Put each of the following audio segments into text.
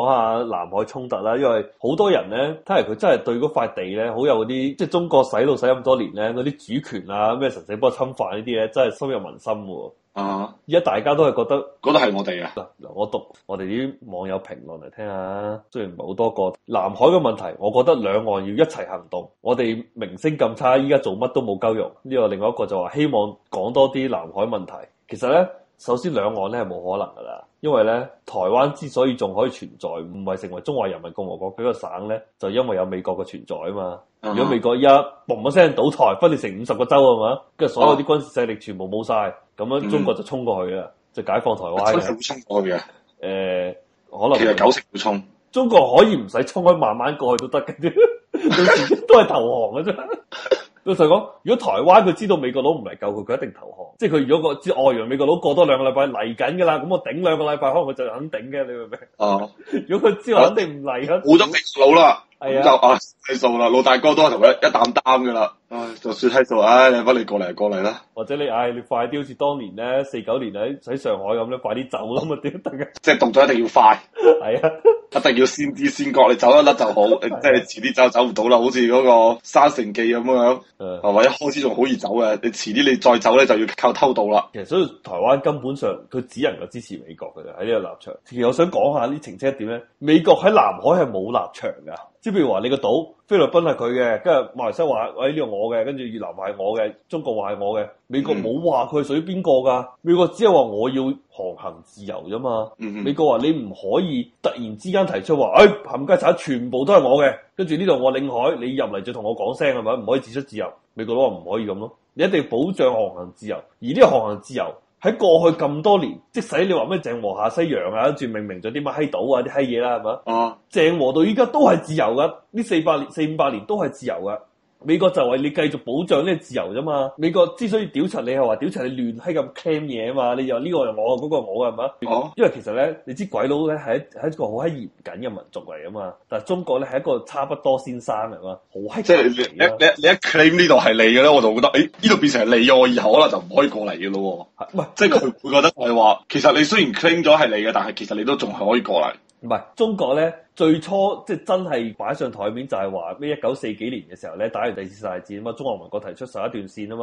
講下南海衝突啦，因為好多人咧，睇嚟佢真係對嗰塊地咧好有嗰啲，即係中國洗腦洗咁多年咧，嗰啲主權啊咩神聖不可侵犯呢啲咧，真係深入民心喎。啊！而家大家都係覺得，覺得係我哋啊。嗱，我讀我哋啲網友評論嚟聽下，雖然唔係好多個南海嘅問題，我覺得兩岸要一齊行動。我哋名聲咁差，依家做乜都冇鳩用。呢個另外一個就話，希望講多啲南海問題。其實咧，首先兩岸咧係冇可能噶啦。因為咧，台灣之所以仲可以存在，唔係成為中華人民共和國一個省咧，就因為有美國嘅存在啊嘛。Uh huh. 如果美國一嘣一聲倒台，分裂成五十個州啊嘛，跟住所有啲軍事勢力全部冇晒，咁樣中國就衝過去啦，uh huh. 就解放台灣嘅。衝過去啊？誒、嗯、可、嗯、能、嗯嗯嗯嗯嗯、其實九成要衝。要中國可以唔使衝，可以慢慢過去都得嘅啫， 都係投降嘅啫。 老實講，如果台灣佢知道美國佬唔嚟救佢，佢一定投降。即係佢如果個知外洋、哦、美國佬過多兩個禮拜嚟緊嘅啦，咁我頂兩個禮拜，可能佢就肯頂嘅，你明唔明？啊、 如果佢知道，啊、我肯定唔嚟啦。冇咗美國佬咁就啊，計數啦，老大哥都係同佢一擔擔噶啦，就算計數，唉，你翻嚟過嚟過嚟啦。或者你唉，你快啲好似當年咧，四九年喺喺上海咁咧，快啲走咁嘛，點得嘅？即係動作一定要快，係啊，一定要先知先覺，你走一粒就好，即係遲啲走走唔到啦，好似嗰個《沙城記》咁樣，誒，或者一開始仲好易走嘅，你遲啲你再走咧就要靠偷渡啦。其實所以台灣根本上佢只能夠支持美國嘅啫，喺呢個立場。其實我想講下啲程車點咧，美國喺南海係冇立場噶。即係譬如話你個島，菲律賓係佢嘅，跟住馬來西亞話，哎，呢度我嘅，跟住越南話係我嘅，中國話係我嘅，美國冇話佢係屬於邊個㗎？美國只係話我要航行自由啫嘛。美國話你唔可以突然之間提出話，哎，冚家鏟全部都係我嘅，跟住呢度我領海，你入嚟就同我講聲係咪？唔可以指出自由。美國都話唔可以咁咯，你一定要保障航行自由。而呢個航行自由，喺過去咁多年，即使你話咩鄭和下西洋啊，跟住命名咗啲乜閪島啊啲閪嘢啦，係咪、啊？是是啊、鄭和到依家都係自由㗎，呢四百年四五百年都係自由㗎。美國就係你繼續保障呢個自由啫嘛。美國之所以屌柒你係話屌柒你亂閪咁 claim 嘢啊嘛。你又呢個又我，嗰個我係咪啊？哦。因為其實咧，你知鬼佬咧係係一個好閪嚴謹嘅民族嚟啊嘛。但係中國咧係一個差不多先生嚟嘛。好即係你你你一 claim 呢度係你嘅咧，我就覺得，誒、欸，呢度變成係你嘅，我以後可能就唔可以過嚟嘅咯喎。係嘛？即係佢會覺得佢話，其實你雖然 claim 咗係你嘅，但係其實你都仲係可以過嚟。唔係中國咧，最初即係真係擺上台面就係話咩一九四幾年嘅時候咧，打完第二次世界戰啊嘛，中華民國提出十一段線啊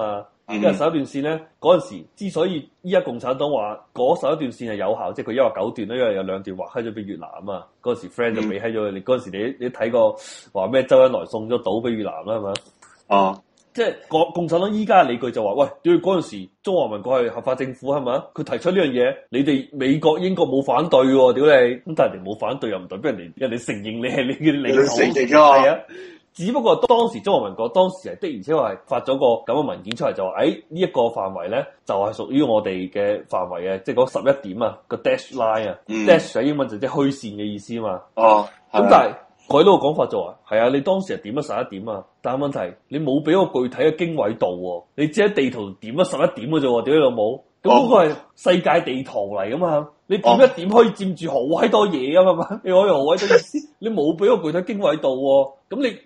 嘛，咁啊十一段線咧，嗰陣時之所以依家共產黨話嗰十一段線係有效，即係佢因為九段啦，因為有兩段劃開咗俾越南啊嘛，嗰陣時 friend 就未喺咗，嗰陣、mm hmm. 時你你睇過話咩周恩來送咗島俾越南啦係嘛？啊！Oh. 即係共共產黨依家理據就話，喂，屌你嗰陣時中華民國係合法政府係咪？佢提出呢樣嘢，你哋美國、英國冇反對喎，屌你咁，但係你冇反對又唔代表人哋人哋承認你係你嘅領土，係啊，只不過當時中華民國當時係的而且確係發咗個咁嘅文件出嚟，就話誒呢一個範圍咧就係、是、屬於我哋嘅範圍嘅，即係嗰十一點啊個 dash line 啊、嗯、，dash 喺英文就即係虛線嘅意思嘛。哦，咁但係。改到個講法就話，係啊，你當時係點一十一點啊，但係問題你冇俾個具體嘅經緯度喎，你只喺地圖點一十一點嘅啫喎，屌你老母，咁嗰個係世界地圖嚟㗎嘛，你點一點可以佔住好閪多嘢啊嘛，你可以好閪多嘢，你冇俾個具體經緯度喎，咁你。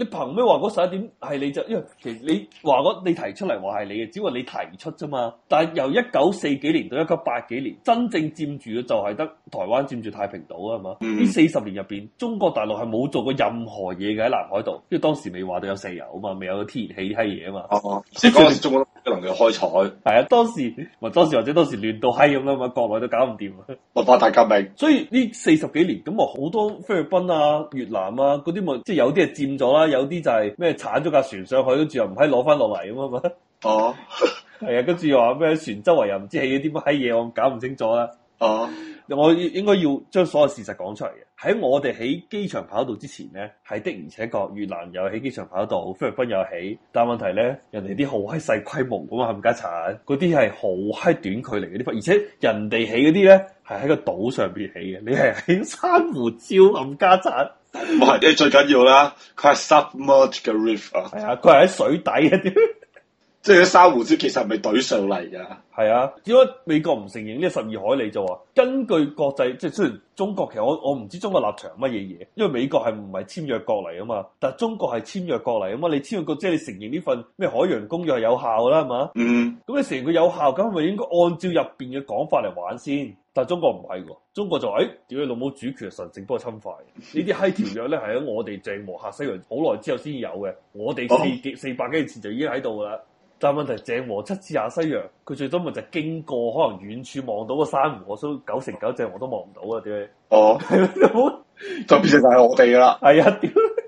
你憑咩話嗰十一點係你？就因為其實你話你提出嚟話係你嘅，只係你提出啫嘛。但係由一九四幾年到一九八幾年，真正佔住嘅就係得台灣佔住太平島啊，係嘛？呢四十年入面，中國大陸係冇做過任何嘢嘅喺南海度，因為當時未話到有石油啊嘛，未有天然氣嘿嘢啊嘛。即係、啊啊啊一嚟佢開採，係啊，當時，當時或者當時亂到閪咁啦嘛，國內都搞唔掂啊，文化大革命，所以呢四十幾年咁啊，好多菲律賓啊、越南啊嗰啲咪，即係有啲係佔咗啦，有啲就係咩鏟咗架船上去，跟住又唔可以攞翻落嚟咁啊嘛，哦，係啊，跟住話咩船周圍又唔知起咗啲乜閪嘢，我搞唔清楚啦，哦、啊。我應該要將所有事實講出嚟嘅。喺我哋喺機場跑道之前咧，係的而且確越南有喺機場跑道，菲律賓有起，但問題咧，人哋啲好閪細規模噶嘛，冚家鏟嗰啲係好閪短距離嗰啲，而且人哋起嗰啲咧係喺個島上邊起嘅，你係喺珊瑚礁冚家鏟。唔係，最緊要啦，佢係 submerged 嘅 river，係啊，佢係喺水底嘅。 即係啲珊瑚礁其實係咪懟上嚟噶？係啊，點解美國唔承認呢十二海里就話根據國際，即係雖然中國其實我我唔知中國立場乜嘢嘢，因為美國係唔係簽約國嚟啊嘛，但係中國係簽約國嚟啊嘛，你簽約國即係你承認呢份咩海洋公約係有效㗎啦，係嘛？嗯，咁你承認佢有效，咁咪應該按照入邊嘅講法嚟玩先。但係中國唔係喎，中國就誒，屌、哎、你老母，主權神聖不可侵犯。條呢啲閪條約咧係喺我哋鄭和下西洋好耐之後先有嘅，我哋四幾四百幾年前就已經喺度啦。但問題，鄭和七次下西洋，佢最多咪就係經過，可能遠處望到個珊瑚，湖，都九成九鄭和都望唔到啊！屌，哦，係咪就變成就係我哋啦？係啊，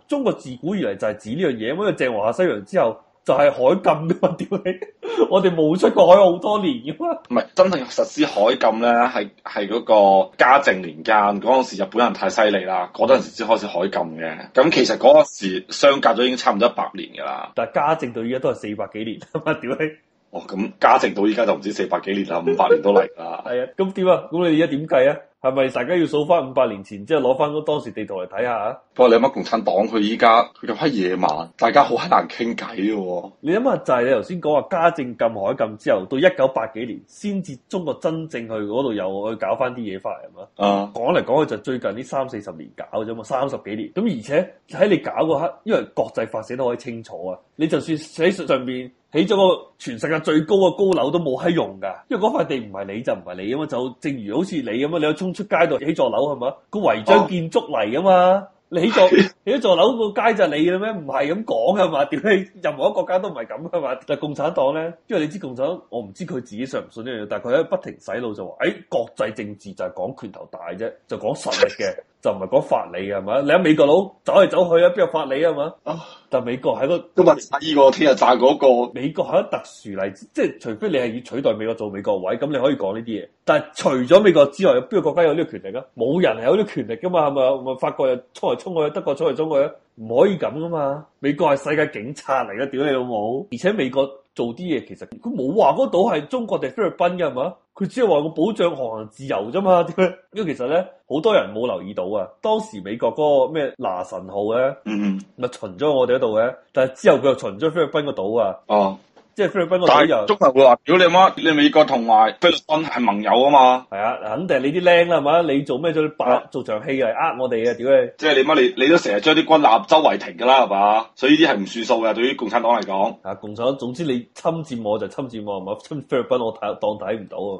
中國自古以嚟就係指呢樣嘢，因為鄭和下西洋之後。就係海禁啊！我哋冇出過海好多年噶嘛？唔係真正實施海禁咧，係係嗰個嘉靖年間嗰陣時，日本人太犀利啦，嗰陣時先開始海禁嘅。咁其實嗰陣時相隔咗已經差唔多一百年噶啦。但係嘉靖到依家都係四百幾年啊！點咧？哦，咁嘉靖到依家就唔知四百幾年啦，五百年都嚟啦。係啊、 嗯，咁點啊？咁你哋而家點計啊？係咪大家要數翻五百年前之後，即係攞翻嗰當時地圖嚟睇下。不過你諗下共產黨佢依家佢咁閪野蠻，大家好閪難傾偈嘅。你諗下就係你頭先講話家政禁海禁之後，到一九八幾年先至中國真正去嗰度又去搞翻啲嘢翻嚟啊嘛。啊，講嚟講去就最近呢三四十年搞啫嘛，三十幾年。咁而且喺你搞嗰刻，因為國際法寫都可以清楚啊，你就算寫上邊。起咗個全世界最高嘅高樓都冇喺用噶因為嗰塊地唔係你就唔係你啊嘛，就正如好似你咁啊，你去衝出街度起座樓係嘛，個違章建築嚟噶嘛，你起座你起座樓個街就係你嘅咩？唔係咁講噶嘛？點解任何一個國家都唔係咁噶嘛？但係共產黨咧，因為你知共產黨，我唔知佢自己信唔信呢樣嘢，但係佢喺不停洗腦就話，誒、哎，國際政治就係講拳頭大啫，就講、是、實力嘅。 就唔係講法理啊嘛，你喺美國佬走嚟走去啊，邊有法理啊嘛？啊，但美國喺個都咪炸呢個，聽日炸嗰個。美國係一特殊例子，即係除非你係要取代美國做美國位，咁你可以講呢啲嘢。但係除咗美國之外，有邊個國家有呢個權力啊？冇人係有呢個權力噶嘛？係咪？咪法國又衝嚟衝去，德國衝嚟衝去，唔可以咁噶嘛？美國係世界警察嚟噶，屌你老母！而且美國。做啲嘢其實佢冇話嗰島係中國定菲律賓嘅係嘛？佢只係話個保障航行自由咋嘛？因為其實咧好多人冇留意到啊！當時美國嗰個咩拿神號咧，嗯嗯，咪巡咗我哋喺度嘅，但係之後佢又巡咗菲律賓個島啊！哦。即係菲律賓嗰啲人，足球佢話：如果你乜你美國同埋菲律賓係盟友啊嘛，係啊，肯定你啲靚啦，係嘛？你做咩將啲白做場戲嚟呃我哋嘅？啊？屌你，你！即係你乜你你都成日將啲軍艦周圍停㗎啦，係嘛？所以呢啲係唔算數嘅，對於共產黨嚟講。啊，共產黨，總之你侵佔我就侵佔我，係嘛？侵菲律賓我睇當睇唔到啊！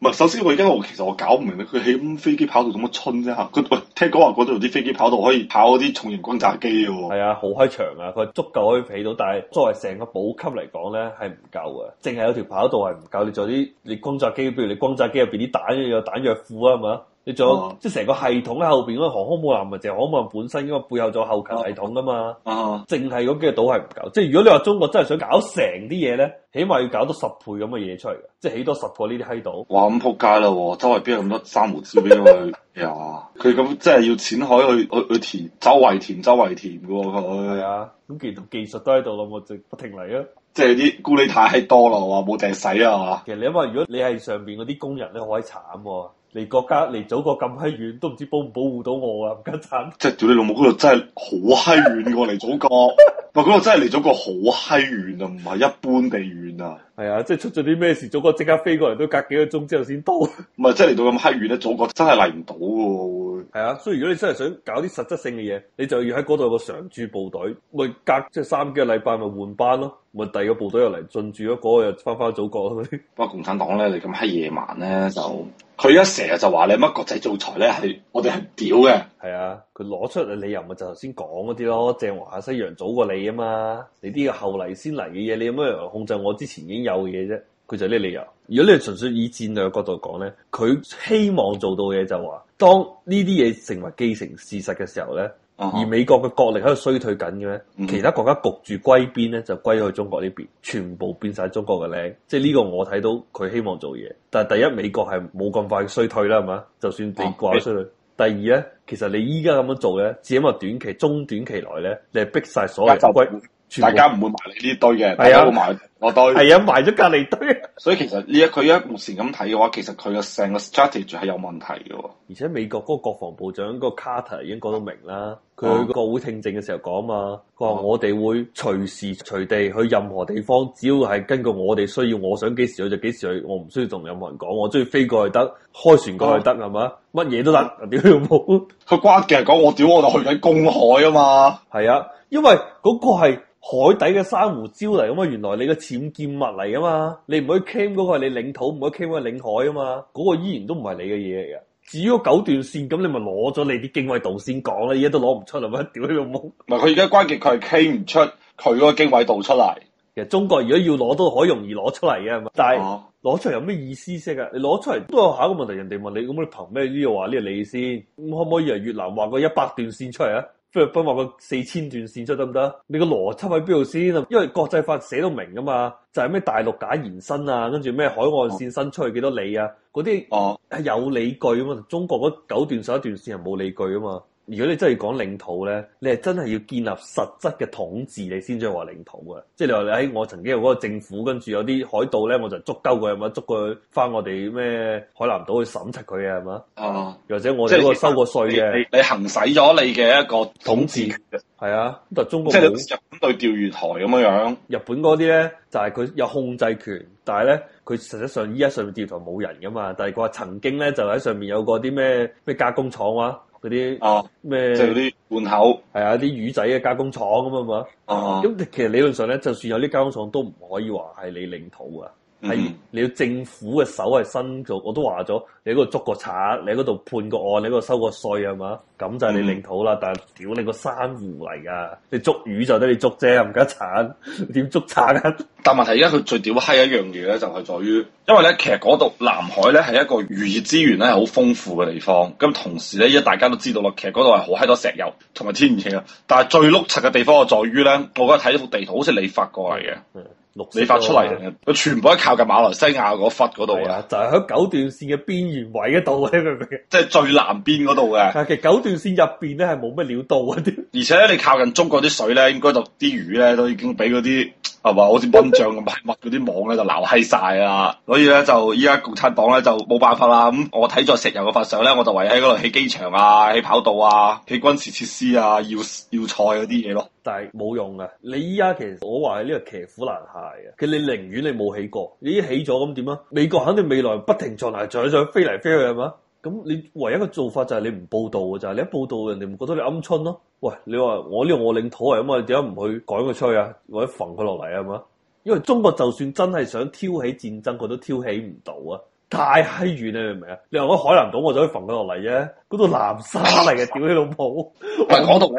唔係，首先我而家我其實我搞唔明，佢起咁飛機跑道咁乜春啫嚇，聽講話嗰度啲飛機跑道可以跑嗰啲重型轟炸機嘅喎、哦，係啊，好開場啊，佢足夠可以起到，但係作為成個補給嚟講咧係唔夠嘅，淨係有條跑道係唔夠。你做啲你轟炸機，譬如你轟炸機入邊啲彈有彈藥庫啊，係咪啊？你仲、啊、即係成個系統喺後邊嗰個航空母艦咪淨係航空母艦本身，因為背後仲有後勤系統噶嘛。哦、啊，淨係嗰幾個島係唔夠。即係如果你話中國真係想搞成啲嘢咧，起碼要搞到十倍咁嘅嘢出嚟嘅，即係起多十倍呢啲閪島。哇，咁撲街啦！周圍邊有咁多珊瑚礁俾佢？呀，佢咁 即係要淺海去去去填，周圍填，周圍填噶佢。係啊，咁技術技術都喺度，咁我直不停嚟啊。即係啲孤力太多啦，我話冇地使啊嘛。其實你因為如果你係上邊嗰啲工人咧，好鬼慘。離國家，離祖國咁閪遠，都唔知保唔保護到我啊！唔得賺，即係屌你老母嗰度真係好閪遠過嚟祖國，唔係嗰度真係嚟咗個好閪遠啊，唔係一般地遠啊。係啊、like like,，即係出咗啲咩事，祖國即刻飛過嚟，都隔幾個鐘之後先到。唔係、like，即係嚟到咁閪遠咧，祖國真係嚟唔到噶。係啊，所以如果你真係想搞啲實質性嘅嘢，你就要喺嗰度有個常駐部隊，咪隔即係三幾個禮拜咪換班咯，咪第二個部隊又嚟進駐咗，嗰、那個又翻翻祖國去。不過共產黨咧，你咁黑野蠻咧，就佢一成日就話你乜國際制裁咧，係我哋係屌嘅。係啊，佢攞出嚟理由咪就頭先講嗰啲咯。鄭和下西洋早過你啊嘛，你啲後嚟先嚟嘅嘢，你有乜控制我之前已經有嘅嘢啫？佢就呢理由。如果你純粹以戰略角度講咧，佢希望做到嘅嘢就話、是，當呢啲嘢成為既成事實嘅時候咧，uh huh. 而美國嘅國力喺度衰退緊嘅咧，其他國家焗住歸邊咧就歸去中國呢邊，全部變晒中國嘅領。即係呢個我睇到佢希望做嘢。但係第一，美國係冇咁快衰退啦，係嘛？就算你掛衰退。Uh huh. 第二咧，其實你依家咁樣做咧，只因為短期、中短期內咧，你係逼晒所有歸、uh。Huh. 大家唔會埋你呢堆嘅，啊、大家會埋我堆。係啊，埋咗隔離堆。所以其實呢一佢一目前咁睇嘅話，其實佢嘅成個 strategy 係有問題嘅喎。而且美國嗰個國防部長個 Carter 已經講到明啦，佢去個國會聽證嘅時候講嘛，佢話、嗯、我哋會隨時隨地去任何地方，只要係根據我哋需要，我想幾時去就幾時去，我唔需要同任何人講，我中意飛過去得，開船過去得係嘛？乜嘢、嗯、都得。表兄冇佢關嘅講， 我屌我就去緊公海啊嘛。係啊，因為嗰個係。海底嘅珊瑚礁嚟咁嘛，原來你嘅僭建物嚟啊嘛，你唔可以 claim 嗰個係你領土，唔可以 claim 個領海啊嘛，嗰、嗰個依然都唔係你嘅嘢嚟嘅。至於個九段線，咁你咪攞咗你啲經緯度先講啦，而家都攞唔出嚟嘛，屌你老母！唔係佢而家關鍵佢係 claim 唔出佢嗰個經緯度出嚟。其實中國如果要攞到，好容易攞出嚟啊，但係攞出嚟有咩意思先啊？你攞出嚟都有下一個問題，人哋問你咁你憑咩呢個話呢個你先？咁可唔可以嚟越南畫個一百段線出嚟啊？菲律賓話個四千段綫出得唔得？你個邏輯喺邊度先？因為國際法寫到明噶嘛，就係、是、咩大陸架延伸啊，跟住咩海岸綫伸出去幾多里啊？嗰啲係有理據啊嘛，中國嗰九段十一段綫係冇理據啊嘛。如果你真係講領土咧，你係真係要建立實質嘅統治你、就是，你先至話領土嘅。即係你話你喺我曾經有嗰個政府，跟住有啲海盜咧，我就捉鳩佢，係嘛？捉佢翻我哋咩海南島去審察佢嘅，係嘛？哦、啊，或者我個過稅、啊、即係收過稅嘅，你行使咗你嘅一個統治權。係啊，咁中國即係日本對釣魚台咁樣樣。日本嗰啲咧就係、是、佢有控制權，但係咧佢實際上依家上面釣魚台冇人噶嘛。但係佢話曾經咧就喺上面有過啲咩咩加工廠啊。嗰啲啊咩即係啲罐口係啊啲魚仔嘅加工廠咁啊嘛，哦，咁其實理論上咧，就算有啲加工廠都唔可以話係你領土啊。喺你要政府嘅手係伸咗，我都話咗你嗰度捉過賊，你嗰度判個案，你嗰度收個稅係嘛？咁就係你領土啦。嗯、但係屌你個珊瑚嚟噶，你捉魚就得你捉啫，唔得鏟點捉賊啊！但係問題依家佢最屌閪一樣嘢咧，就係在於，因為咧其實嗰度南海咧係一個漁業資源咧係好豐富嘅地方。咁同時咧，而家大家都知道咯，其實嗰度係好閪多石油同埋天然氣啊。但係最碌柒嘅地方就在於咧，我覺得睇到幅地圖好似你發過嚟嘅。嗯你發出嚟嘅，佢全部都靠近馬來西亞嗰忽嗰度嘅，就係喺九段線嘅邊緣位嗰度咧，你明唔明？即係最南邊嗰度嘅。其實九段線入邊咧係冇咩料到嗰啲，而且你靠近中國啲水咧，應該就啲魚咧都已經俾嗰啲。係嘛，好似蚊帳咁，密搣啲網咧就鬧閪晒啦，所以咧就依家共產黨咧就冇辦法啦。咁我睇咗石油嘅份上咧，我就唯有喺嗰度起機場啊，起跑道啊，起軍事設施啊，要要塞嗰啲嘢咯。但係冇用嘅，你依家其實我話喺呢個騎虎難下嘅，其實你寧願你冇起過，你依起咗咁點啊？美國肯定未來不停作大，再想飛嚟飛去係嘛。咁你唯一嘅做法就係你唔報道嘅就係你一報道，人哋唔覺得你鵪鶉咯。喂，你話我呢個我領土嚟啊嘛，點解唔去趕佢出去啊？或者馮佢落嚟啊嘛？因為中國就算真係想挑起戰爭，佢都挑起唔到啊，太閪遠啦，你明唔明啊？你話我海南島，我就可以馮佢落嚟啫，嗰度南沙嚟嘅屌你老母！喂，講到你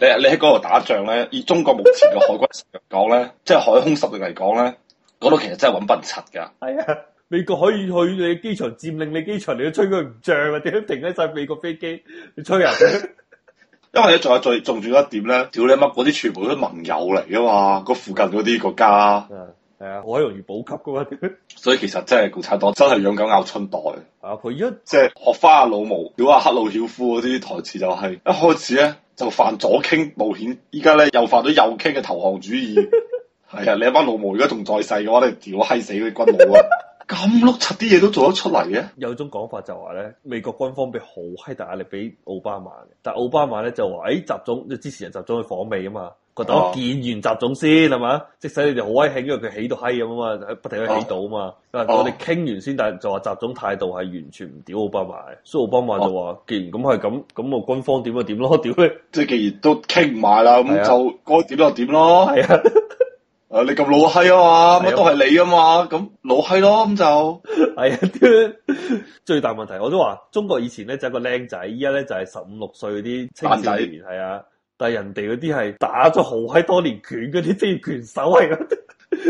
咧，你喺嗰度打仗咧，以中國目前嘅海軍實力講咧， 即係海空實力嚟講咧，嗰度其實真係揾笨柒噶。係啊。美國可以去你機場佔領你機場，你到吹佢唔脹，或者停一晒美國飛機，你吹啊！ 因為咧在在仲住嗰一點咧，屌你乜嗰啲全部都盟友嚟噶嘛，個附近嗰啲國家，係啊、嗯，好、嗯、容易補給噶嘛。嗯、所以其實真、就、係、是、共產黨真係養狗咬春袋。啊，佢一只學翻阿老毛，屌阿克魯曉夫嗰啲台詞就係、是，一開始咧就犯咗左傾冒險，依家咧又犯咗右傾嘅投降主義。係 啊，你一班老毛如果仲在世嘅話，你屌閪死佢啲軍佬啊！ 咁碌柒啲嘢都做得出嚟嘅，有種講法就話咧，美國軍方俾好嗨大壓力俾奧巴馬，但係奧巴馬咧就話誒，習、欸、總即係支持人習總去訪美啊嘛，覺得見完習總先係嘛、啊，即使你哋好威慶，因為佢起到嗨咁啊嘛，不停去起到啊嘛，但係、啊、我哋傾完先，啊、但係就話習總態度係完全唔屌奧巴馬，所以奧巴馬就話，啊、既然咁係咁，咁我軍方點就點咯，屌咧即係既然都傾唔埋啦，咁就該點是、啊、就點咯，係啊。誒，你咁老閪啊嘛，乜都係你啊嘛，咁老閪咯，咁就係啊！ 最大問題我都話，中國以前咧就係一個靚仔，依家咧就係十五六歲嗰啲青少年。係生啊，但係人哋嗰啲係打咗好閪多年拳嗰啲職業拳手係。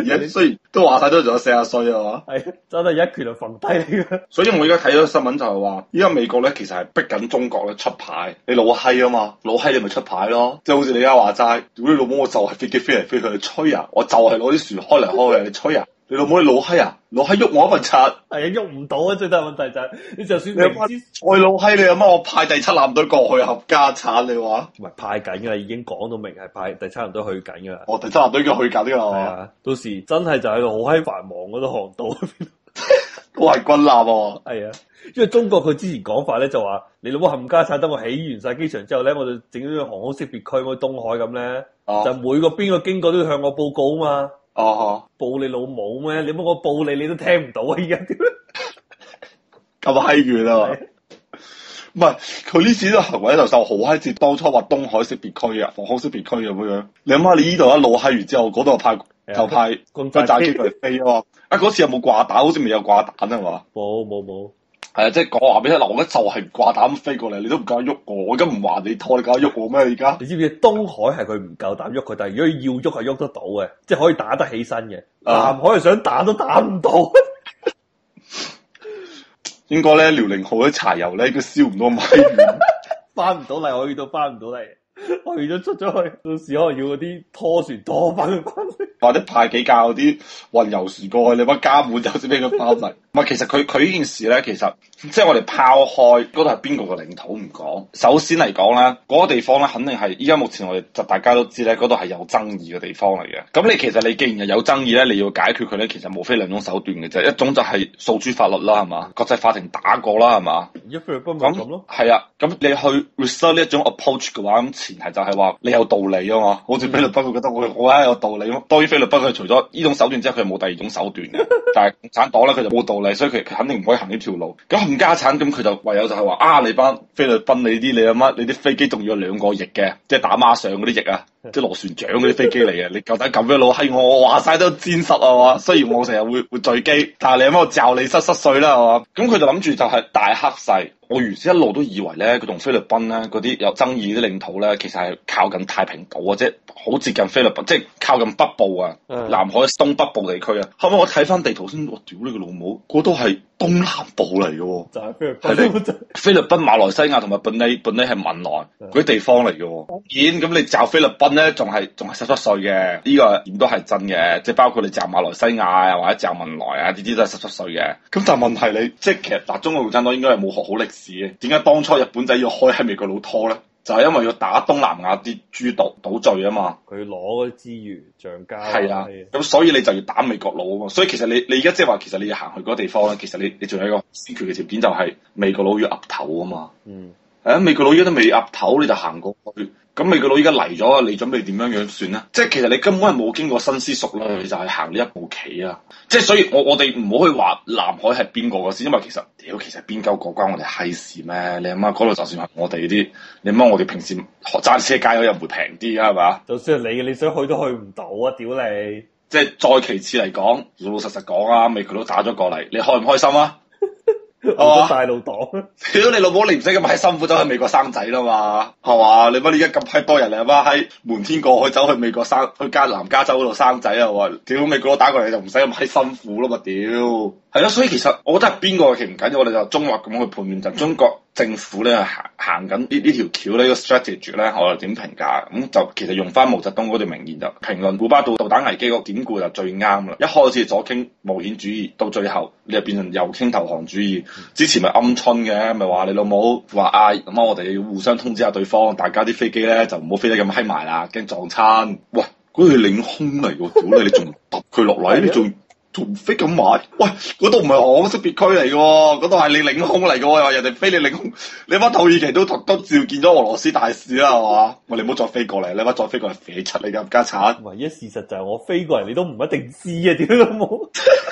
雖然都話晒都仲有四十歲啊嘛， 真係一拳就放低你。 所以我而家睇到新聞就係話，依家美國咧其實係逼緊中國咧出牌，你老閪啊嘛，老閪你咪出牌咯，即係好似你而家話齋，如果老母我就係飛機飛嚟飛去，你吹啊，我就係攞啲船開嚟開去，你吹啊。 你老母老閪啊！老閪喐我一份七，係啊、哎，喐唔到啊！最大問題就係、是、你就算明知我老閪，你阿媽我派第七艦隊過去合家產你話？唔係派緊噶啦，已經講到明係派第七艦隊去緊噶啦。我、哦、第七艦隊已經去緊噶啦。到時真係就喺度好閪繁忙嗰度航道嗰邊， 都係軍艦、啊。係啊，因為中國佢之前講法咧就話，你老母冚家產，等我起完晒機場之後咧，我就整咗個航空識別區，好、那、似、個、東海咁咧，啊、就每個邊個經過都要向我報告啊嘛。哦，uh huh. 報你老母咩？你乜我報你，你都聽唔到啊！依家點咧咁閪遠啊？唔係佢呢次都行為喺度受好閪似當初話東海識別區啊，防空識別區咁樣。你諗下，你呢度一路閪完之後，嗰度派就派架炸機佢飛啊嘛？啊嗰次有冇掛彈？好似未有掛彈啊嘛？冇冇冇。係啊，即係講話俾你聽，嗱、就是，我而家就係掛膽飛過嚟，你都唔敢喐我，我而家唔話你，拖，你敢喐我咩？而家你知唔知？東海係佢唔夠膽喐佢，但係如果要喐佢，喐得到嘅，即係可以打得起身嘅。南海係想打都打唔到。應該咧，遼寧號啲柴油咧，佢燒唔到米遠，翻唔到嚟，我遇到翻唔到嚟。去咗 出咗去，到時可能要嗰啲拖船拖翻佢翻，或者派幾架嗰啲運油船過去，你把加滿就先俾佢包埋。唔係， 其實佢佢呢件事咧，其實即係我哋拋開嗰度係邊個嘅領土唔講，首先嚟講咧，嗰、嗰個地方咧，肯定係依家目前我哋就大家都知咧，嗰度係有爭議嘅地方嚟嘅。咁你其實你既然係有爭議咧，你要解決佢咧，其實無非兩種手段嘅啫，一種就係訴諸法律啦，係嘛？國際法庭打過啦，係嘛？咁咯，係啊，咁你去 research 呢一種 approach 嘅話咁。前提就係話你有道理啊嘛，好似菲律賓佢覺得我我啊有道理咯。當然菲律賓佢除咗呢種手段之外，佢冇第二種手段嘅。但係共產黨咧，佢就冇道理，所以佢佢肯定唔可以行呢條路。咁冚家產咁，佢就唯有就係話啊，你班菲律賓你啲你阿乜你啲飛機仲要有兩個翼嘅，即係打孖上嗰啲翼啊， 即係螺旋槳嗰啲飛機嚟嘅。你夠膽咁樣老閪、哎、我，我話曬都堅實啊嘛。雖然我成日會會墜機，但係你阿乜我罩你失失碎啦啊。咁佢就諗住就係大黑細。我原先一路都以為咧，佢同菲律賓咧嗰啲有爭議啲領土咧，其實係靠近太平島啊，即係好接近菲律賓，即係靠近北部啊，嗯、南海東北部地區啊。後尾我睇翻地圖先，我屌你個老母，嗰度係東南部嚟嘅、哦、就係你 菲律賓、馬來西亞同埋本尼，本尼係文萊嗰啲地方嚟嘅喎。當 然咁你炸菲律賓咧，仲係仲係濕濕碎嘅，呢、這個點都係真嘅，即係包括你炸馬來西亞或者炸文萊啊，呢啲都係濕濕碎嘅。咁但係問題你即係其實大、呃、中學學生都應該係冇學好歷史。點解當初日本仔要開喺美國佬拖咧？就係、是、因為要打東南亞啲豬島島嶼啊嘛。佢攞嗰啲資源、橡膠，係啊的。咁的所以你就要打美國佬啊嘛。所以其實你你而家即係話，其實你要行去嗰個地方咧，其實你你仲有一個先決嘅條件就係、是、美國佬要岌頭啊嘛。嗯。誒、啊，美國佬而家都未岌頭，你就行過去。咁美國佬依家嚟咗啊！你準備點樣樣算咧？即係其實你根本係冇經過深思熟慮，你就係行呢一步棋啊！即係所以我，我我哋唔好去話南海係邊個嘅先，因為其實屌其實邊鳩過關，我哋閪事咩？你諗下嗰度就算話我哋啲，你諗我哋平時學揸車街嗰日會平啲啊，係嘛？就算係你你想去都去唔到啊！屌你！即係再其次嚟講，老老實實講啊，美國佬打咗過嚟，你開唔開心啊？哦、 啊，大佬黨，屌你老母！你唔使咁閪辛苦走去美國生仔啦嘛，係嘛？你乜你而家咁閪多人嚟，乜喺瞞天過海走去美國生，去加南加州嗰度生仔啊！喎、啊，屌美國我打過嚟就唔使咁閪辛苦咯嘛，屌、啊！啊。係咯，所以其實我覺得係邊個其唔緊要，我哋就中立咁去判斷。就是，中國政府咧行行緊呢呢條橋呢個 strategy 咧，我點評價咁就其實用翻毛澤東嗰段名言就評論古巴導導彈危機個典故就最啱啦。一開始左傾冒險主義，到最後你就變成右傾投降主義。之前咪暗春嘅，咪話你老母話啊，咁啊，啊我哋要互相通知下對方，大家啲飛機咧就唔好飛得咁閪埋啦，驚撞餐。喂，嗰啲領空嚟，我屌你，你仲揼佢落嚟，你仲？仲飛咁埋？喂，嗰度唔係我識別區嚟嘅，嗰度係你領空嚟嘅，人哋飛你領空，你乜土耳其都都召見咗俄羅斯大使啦，係嘛？喂，我哋唔好再飛過嚟，你乜再飛過嚟，扯出你冚家鏟。唯一事實就係我飛過嚟，你都唔一定知啊，點都冇。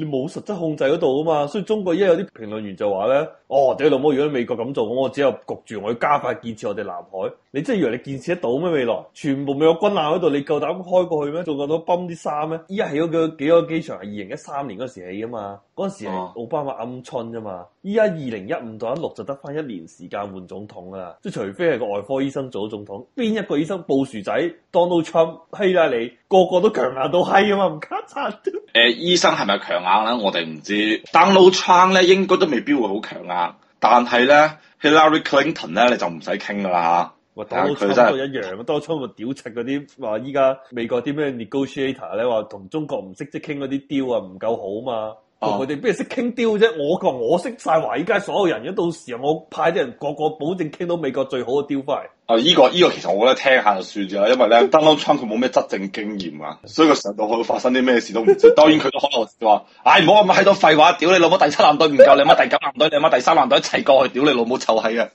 你冇實質控制嗰度啊嘛，所以中國一有啲評論員就話咧，哦，你老母，如果美國咁做，我只有焗住我要加快建設我哋南海。你真以為你建設得到咩未來？全部咪有軍艦喺度，你夠膽開過去咩？仲夠膽崩啲沙咩？依家嗰個幾個機場係二零一三年嗰時起噶嘛。嗰時係奧巴馬暗春啫嘛，依家二零一五到一六就得翻一年時間換總統啊！即係除非係個外科醫生做咗總統，邊一個醫生布殊仔 Donald Trump 閪啦，你個個都強硬到閪啊嘛，唔卡嚓！誒，醫生係咪強硬咧？我哋唔知 Donald Trump 咧，應該都未必會好強硬，但係咧 Hillary Clinton 咧，你就唔使傾啦嚇。Donald Trump，啊、都一樣啊，Donald Trump 咪屌柒嗰啲話，依家美國啲咩 Negotiator 咧話同中國唔識即傾嗰啲雕啊，唔夠好嘛～佢哋邊係識傾屌啫？我講我識晒華爾街所有人，一到時啊，我派啲人個個保證傾到美國最好嘅屌翻嚟。啊，依、呢個呢、呢個其實我覺得聽下就算住啦，因為咧 Donald Trump 佢冇咩執政經驗啊，所以佢上到去會發生啲咩事都唔知。 當然佢都可能話：，唉、哎，唔好咁閪多廢話，屌你老母第七艦隊唔夠你，你媽第九艦隊，你媽第三艦隊一齊過去，屌你老母臭閪啊！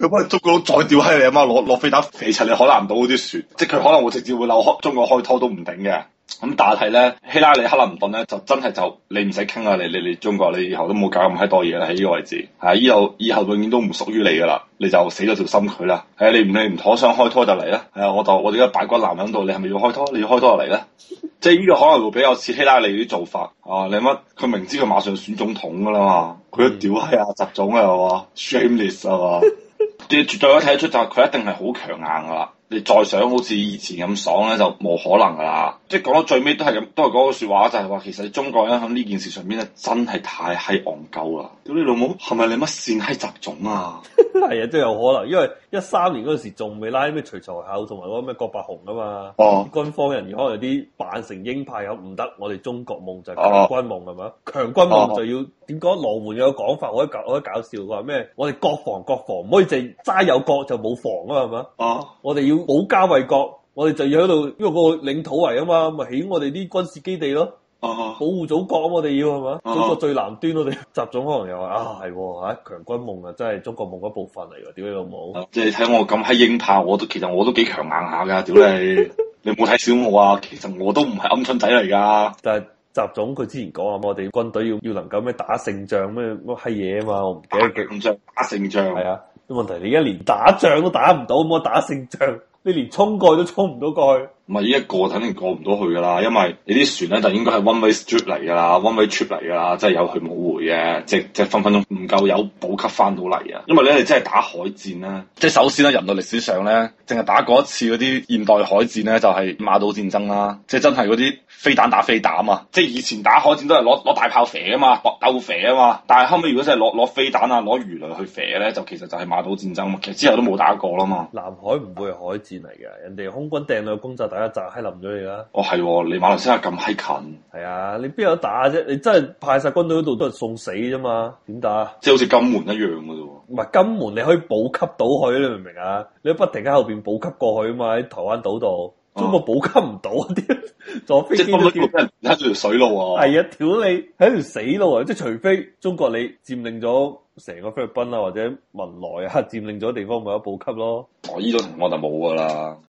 咁啊，中國再屌閪你阿媽，攞攞飛彈肥齊你海南島嗰啲船，即佢可能會直接會鬧開中國開拖都唔頂嘅。咁但係咧，希拉里克林頓咧就真係，就你唔使傾啦，你你你，你中國，你以後都冇搞咁閪多嘢啦，喺呢個位置，喺呢度，以後永遠都唔屬於你噶啦，你就死咗條心佢啦。係、哎、啊，你你唔妥想開拖就嚟啦。係啊，我就我哋而家擺骨男人度，你係咪要開拖？你要開拖就嚟啦。即係呢個可能會比較似希拉里啲做法。啊，你乜？佢明知佢馬上選總統噶啦嘛，佢都屌閪啊，習總啊，係嘛？Shameless 係嘛？啲絕對可睇得出，就佢一定係好強硬噶啦。你再想好似以前咁爽咧，就冇可能噶啦！即係講到最尾都係咁，都係嗰個説話，就係、是、話其實中國人喺呢件事上面咧，真係太係憨鳩啦！屌你老母係咪你乜線閪雜種啊？係啊， 都有可能，因為一三年嗰陣時仲未拉咩徐才厚，同埋嗰咩郭伯雄啊嘛。哦、uh，huh. 軍方人員可能有啲扮成鷹派，又唔得。我哋中國夢就係強軍夢係嘛、uh huh.？強軍夢、uh huh. 就要點講？羅援有個講法，我覺得我覺得搞笑，話咩？我哋國防國防唔可以淨齋有國就冇防啊嘛？係嘛？哦、uh，huh. 我哋要。保家衛國，我哋就要喺度，因為個領土嚟啊嘛，咪起我哋啲軍事基地咯，保護祖國，我哋要係嘛？祖國最南端，我哋習總可能又話啊，係吓強軍夢啊，真係中國夢一部分嚟噶。屌你老母，即係睇我咁鷹派，我都其實我都幾強硬下噶。屌你，你冇睇小我啊！其實我都唔係鵪鶉仔嚟噶。但係習總佢之前講啊，我哋軍隊要要能夠咩打勝仗咩乜閪嘢嘛，我唔記得。咁打勝仗。問題，你而家連打仗都打唔到，可唔可以打勝仗？你連衝過去都衝唔到過去。唔係呢一個肯定過唔到去㗎啦，因為你啲船咧就應該係 one way street 嚟㗎啦，one way trip 嚟㗎啦，即係有去冇回嘅，即即分分鐘唔夠油補給翻到嚟啊！因為咧你真係打海戰啦，即係首先咧人類歷史上咧淨係打過一次嗰啲現代海戰咧就係、是、馬島戰爭啦，即係真係嗰啲飛彈打飛彈啊嘛！即係以前打海戰都係攞攞大炮射啊嘛，搏鬥射啊嘛，但係後尾如果真係攞攞飛彈啊攞魚雷去射咧，就其實就係馬島戰爭。其實之後都冇打過啦嘛。南海唔會係海戰嚟嘅，人哋空軍掟落攻襲一集閪淋咗你啦！了你了哦，係、哦、你馬來西亞咁閪近，係啊！你邊有打啫？你真係派晒軍隊嗰度都係送死啫嘛？點打？即係好似金門一樣噶啫？唔係金門你可以補給到佢，你明唔明啊？你不停喺後邊補給過去啊嘛？喺台灣島度，中國補給唔到啊！啊 坐飛機機 是都掉，走條水路啊！係 啊，掉你喺條死路啊！即係除非中國你佔領咗成個菲律賓啊，或者文萊啊，佔領咗地方咪有得補給咯？哦、啊，依種情況就冇噶啦。啊。